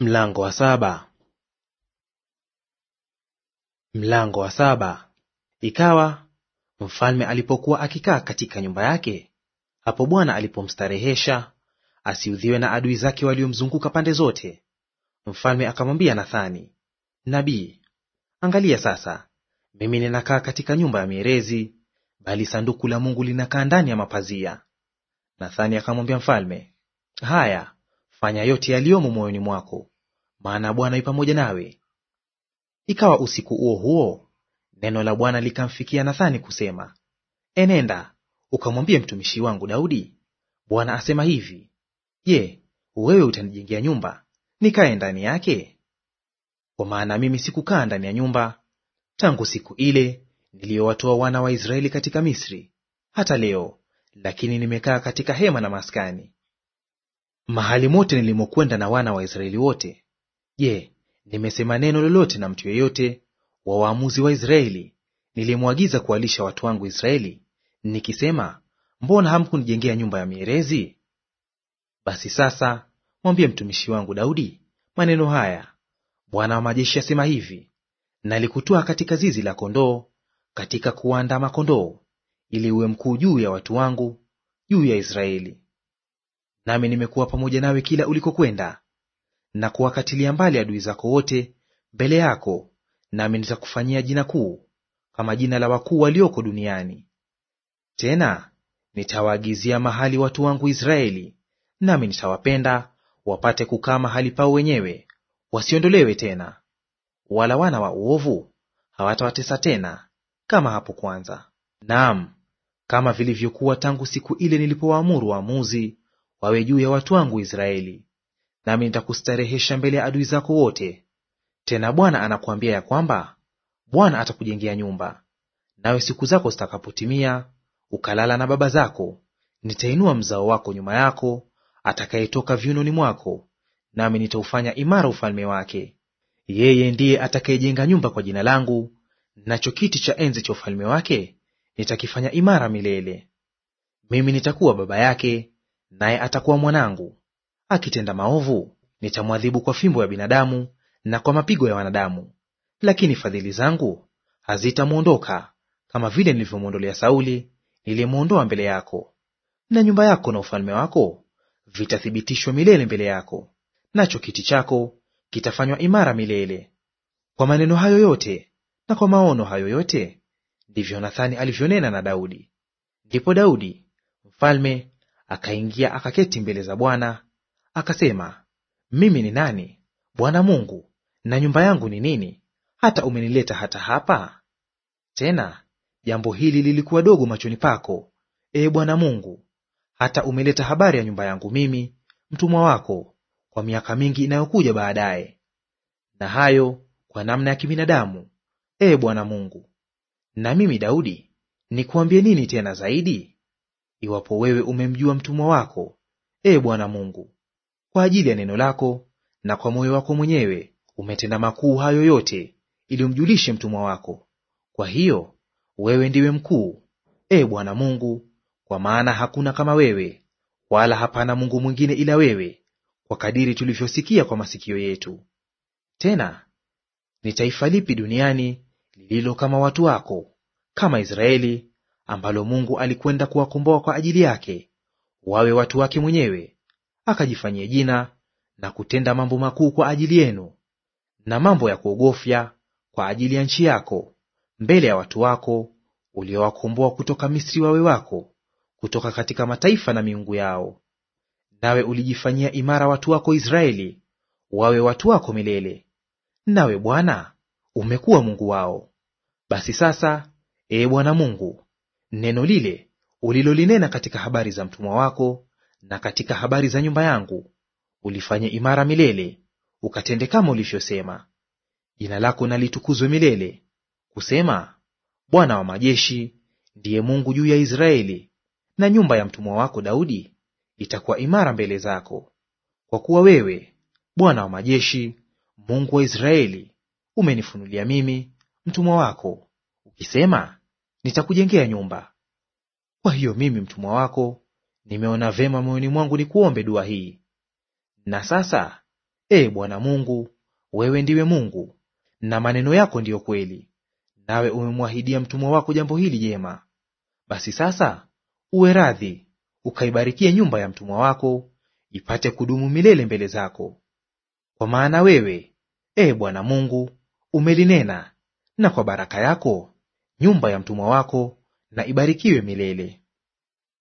Mlango wa saba. Mlango wa saba. Ikawa mfalme alipokuwa akikaa katika nyumba yake, hapo Bwana alipomstarehesha asiudhiwe na adui zake waliomzunguka pande zote, mfalme akamwambia Nathani nabii, angalia sasa, mimi ninakaa katika nyumba ya mierezi, bali sanduku la Mungu linakaa ndani ya mapazia. Nathani akamwambia mfalme, haya fanya yote yaliyomo moyoni mwako, maana Bwana yu pamoja nawe. Ikawa usiku huo huo, neno la Bwana likamfikia Nathani kusema, enenda ukamwambie mtumishi wangu Daudi, Bwana asema hivi, Je, wewe utanijengea nyumba nikae ndani yake? Kwa maana mimi sikukaa ndani ya nyumba tangu siku ile niliyowatoa wana wa Israeli katika Misri hata leo, lakini nimekaa katika hema na maskani, mahali mote nilimokwenda na wana wa Israeli wote, je, nimesema neno lolote na mtu yeyote wa waamuzi wa Israeli nilimwagiza kuwalisha watu wangu Israeli, nikisema, mbona hamkunijengea nyumba ya mierezi? Basi sasa mwambie mtumishi wangu Daudi maneno haya, Bwana wa majeshi asema hivi, nalikutoa katika zizi la kondoo, katika kuwaandama kondoo, ili uwe mkuu juu ya watu wangu, juu ya Israeli nami nimekuwa pamoja nawe kila ulikokwenda, na kuwakatilia mbali adui zako wote mbele yako, nami nitakufanyia jina kuu kama jina la wakuu walioko duniani. Tena nitawaagizia mahali watu wangu Israeli, nami nitawapenda wapate kukaa mahali pao wenyewe, wasiondolewe tena, wala wana wa uovu hawatawatesa tena kama hapo kwanza. Naam, kama vilivyokuwa tangu siku ile nilipowaamuru waamuzi wawe juu ya watu wangu Israeli, nami nitakustarehesha mbele ya adui zako wote. Tena Bwana anakuambia ya kwamba Bwana atakujengea nyumba, nawe siku zako zitakapotimia ukalala na baba zako, nitainua mzao wako nyuma yako atakayetoka viunoni mwako, nami nitaufanya imara ufalme wake. Yeye ndiye atakayejenga nyumba kwa jina langu, nacho kiti cha enzi cha ufalme wake nitakifanya imara milele. Mimi nitakuwa baba yake, naye atakuwa mwanangu. Akitenda maovu, nitamwadhibu kwa fimbo ya binadamu na kwa mapigo ya wanadamu, lakini fadhili zangu hazitamwondoka, kama vile nilivyomwondolea Sauli niliyemwondoa mbele yako. Na nyumba yako na ufalme wako vitathibitishwa milele mbele yako, nacho kiti chako kitafanywa imara milele. Kwa maneno hayo yote na kwa maono hayo yote ndivyo Nathani alivyonena na Daudi. Ndipo Daudi mfalme akaingia akaketi mbele za Bwana, akasema, mimi ni nani, Bwana Mungu, na nyumba yangu ni nini, hata umenileta hata hapa? Tena jambo hili lilikuwa dogo machoni pako, e Bwana Mungu, hata umeleta habari ya nyumba yangu mimi mtumwa wako kwa miaka mingi inayokuja baadaye, na hayo kwa namna ya kibinadamu, e Bwana Mungu. Na mimi Daudi nikuambie nini tena zaidi? iwapo wewe umemjua mtumwa wako, e Bwana Mungu, kwa ajili ya neno lako na kwa moyo wako mwenyewe umetenda makuu hayo yote, ili umjulishe mtumwa wako. Kwa hiyo wewe ndiwe mkuu, e Bwana Mungu, kwa maana hakuna kama wewe, wala hapana Mungu mwingine ila wewe, kwa kadiri tulivyosikia kwa masikio yetu. Tena ni taifa lipi duniani lililo kama watu wako, kama Israeli ambalo Mungu alikwenda kuwakomboa kwa ajili yake wawe watu wake mwenyewe, akajifanyie jina na kutenda mambo makuu kwa ajili yenu, na mambo ya kuogofya kwa ajili ya nchi yako, mbele ya watu wako uliowakomboa kutoka Misri wawe wako, kutoka katika mataifa na miungu yao. Nawe ulijifanyia imara watu wako Israeli wawe watu wako milele, nawe Bwana umekuwa Mungu wao. Basi sasa, Ee Bwana Mungu, neno lile ulilolinena katika habari za mtumwa wako na katika habari za nyumba yangu, ulifanye imara milele, ukatende kama ulivyosema. Jina lako nalitukuzwe milele, kusema, Bwana wa majeshi ndiye Mungu juu ya Israeli, na nyumba ya mtumwa wako Daudi itakuwa imara mbele zako. Kwa kuwa wewe, Bwana wa majeshi, Mungu wa Israeli, umenifunulia mimi mtumwa wako, ukisema, nitakujengea nyumba. Kwa hiyo mimi mtumwa wako nimeona vema moyoni mwangu ni kuombe dua hii. Na sasa, e Bwana Mungu, wewe ndiwe Mungu na maneno yako ndiyo kweli, nawe umemwahidia mtumwa wako jambo hili jema. Basi sasa uwe radhi, ukaibarikie nyumba ya mtumwa wako, ipate kudumu milele mbele zako. Kwa maana wewe, e Bwana Mungu, umelinena, na kwa baraka yako Nyumba ya mtumwa wako na ibarikiwe milele.